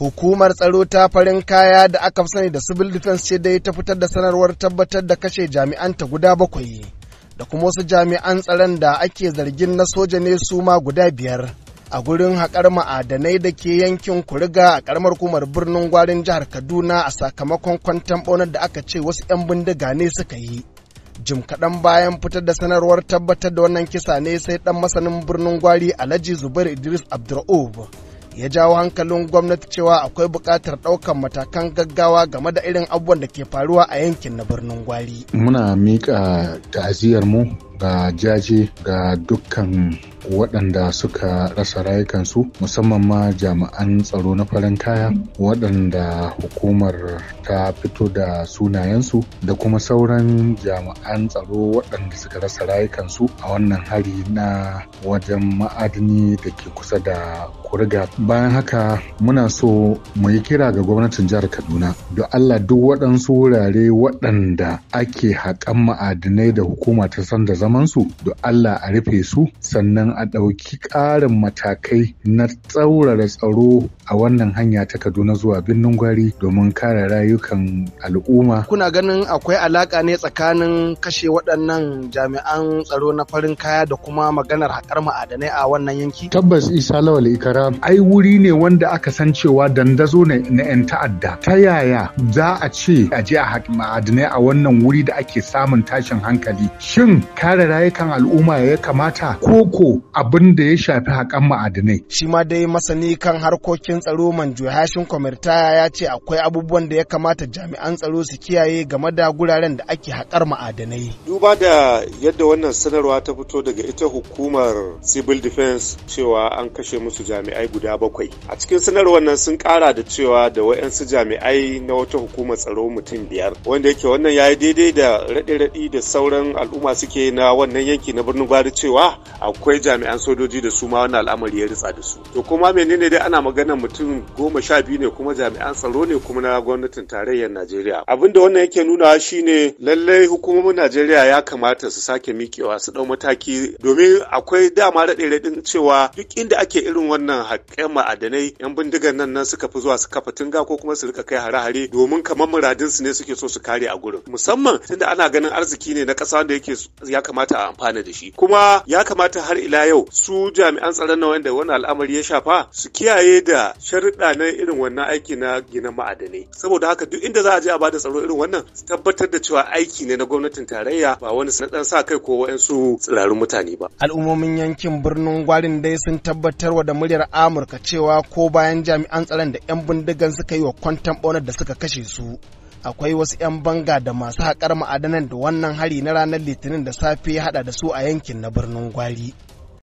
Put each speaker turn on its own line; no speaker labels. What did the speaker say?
Hukumar tsaro ta farin kaya da aka sani da civil defense ce dai ta fitar da sanarwar tabbatar da kashe jami'an ta guda bakwai da kuma wasu jami'an tsaron da ake zargin na soja ne su ma guda biyar a gurin haƙar ma'adanai da ke yankin kuriga a ƙaramar hukumar birnin gwarin jihar Kaduna a sakamakon kwantan ɓaunar da aka ce wasu 'yan bindiga ne suka yi. jim kaɗan bayan fitar da sanarwar tabbatar da wannan kisa ne sai ɗan masanin birnin gwari alhaji zubair idris abdur'ub ya jawo hankalin gwamnati cewa akwai buƙatar ɗaukar matakan gaggawa game da irin abubuwan da ke faruwa a yankin na birnin
gwari muna miƙa ta'aziyar mu ga jaje ga dukkan waɗanda suka rasa rayukansu musamman ma jami'an tsaro na farin kaya waɗanda hukumar ta fito da sunayensu da kuma sauran jami'an tsaro waɗanda suka rasa rayukansu a wannan hari na wajen ma'adini da ke kusa da kuriga bayan haka muna so mu yi kira ga gwamnatin jihar kaduna da allah duk waɗansu wurare waɗanda ake haƙan ma'adinai da hukuma ta san da zamansu da Allah a rufe su sannan a ɗauki ƙarin matakai na tsaurara tsaro a wannan hanya ta Kaduna zuwa birnin Gwari domin kare rayukan al'umma.
Kuna ganin akwai alaƙa ne tsakanin kashe waɗannan jami'an tsaro na farin kaya da kuma maganar haƙar ma'adanai a wannan
yanki? Tabbas Isa Lawal Ikara ai wuri ne wanda aka san cewa dandazo ne na 'yan ta'adda. Ta yaya za a ce a je a haƙi ma'adanai a wannan wuri da ake samun tashin hankali? Shin kare kare rayukan al'umma ya kamata koko abin da ya shafi haƙan ma'adinai. Shi
ma dai masani kan harkokin tsaro manjo hashin kwamirtaya ya ce akwai abubuwan da ya kamata jami'an tsaro su kiyaye game da guraren da ake haƙar ma'adinai.
Duba da yadda wannan sanarwa ta fito daga ita hukumar civil defense cewa an kashe musu jami'ai guda bakwai. A cikin sanarwar nan sun kara da cewa da wa'yansu jami'ai na wata hukumar tsaro mutum biyar wanda yake wannan ya yi daidai da raɗe-raɗi da sauran al'umma suke na wannan yanki na birnin gwari cewa akwai jami'an sojoji da su ma wannan al'amari ya ritsa da su to kuma menene dai ana magana mutum goma sha biyu ne kuma jami'an tsaro ne kuma na gwamnatin tarayyar najeriya abin da wannan yake nuna shine lallai hukumomin najeriya ya kamata su sake miƙewa su ɗau mataki domin akwai dama raɗe raɗin cewa duk inda ake irin wannan haƙƙen ma'adanai yan bindigan nan nan suka fi zuwa su kafa tunga ko kuma su rika kai hare-hare domin kamar muradinsu ne suke so su kare a gurin musamman tunda ana ganin arziki ne na ƙasa wanda yake ya kamata kamata a amfana da shi kuma ya kamata har ila yau su jami'an tsaron na wanda wani al'amari ya shafa su kiyaye da sharuɗa na irin wannan aiki na gina ma'adanai saboda haka duk inda za a je a bada tsaro irin wannan su tabbatar da cewa aiki ne na gwamnatin tarayya ba wani sanadan sa kai ko wa'yansu tsirarun mutane ba
al'ummomin yankin birnin gwarin dai sun tabbatar wa da muryar amurka cewa ko bayan jami'an tsaron da 'yan bindigan suka yi wa kwantan bonar da suka kashe su akwai wasu 'yan banga da masu haƙar ma'adanan da wannan hari na ranar litinin da safe ya hada da su a yankin na birnin gwari